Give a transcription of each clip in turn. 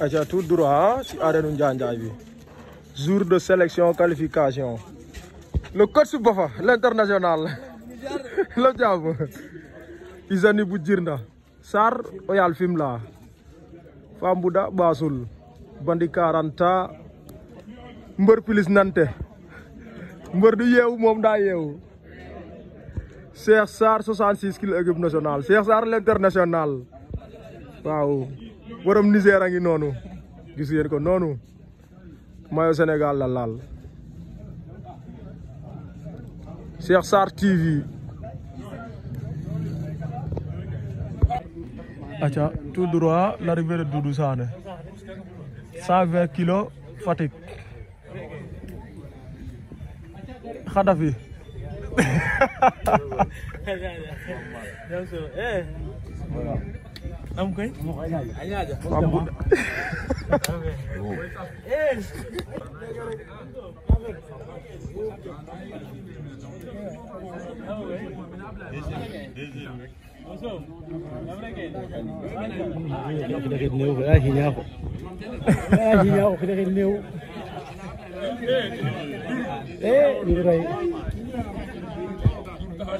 aja tout droit si arène Ndiandiaye bi jour de sélection qualification le coach Bofa l'international le diabo isani bu jirna sar oyal la fambuda basul bandi 40 mbeur pilis nante mbeur du yew mom da yew Cheikh sar 66 kilo équipe nationale Cheikh sar l'international waaw borom Niger ngi noonu gis ngeen ko noonu mayo Sénégal la laal Cheikh Sarr TV aca tout droit l'arrivée de Doudou Sané cent vingt kilos Fatick Khadafi Đông quý. Còn bút. كده غير نيو لا هي نيو لا هي نيو كده غير نيو ايه نيو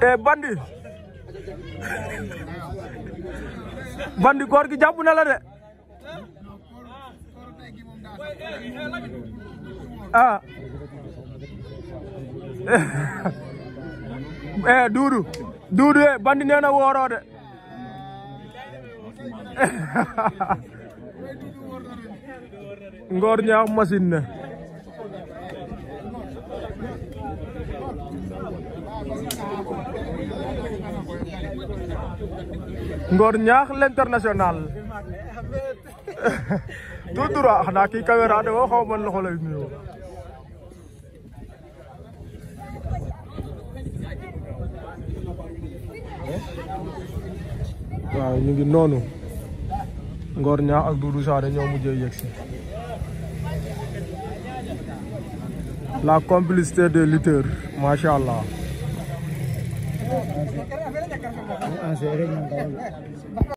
e bandi bandi góor gi jàpp na la de ah eh duudu duudu e bandi nee na wooroo de ngoor ñaax machine ne Ngor Niakh l'international tout droit xanaa kii caméra de woo xaw ma loxo lay nuyoo ngi noonu Ngor Niakh ak Doudou Sané ñoo mujjee yegsi la complicité de lutteurs macha allah. Ah, sí, eres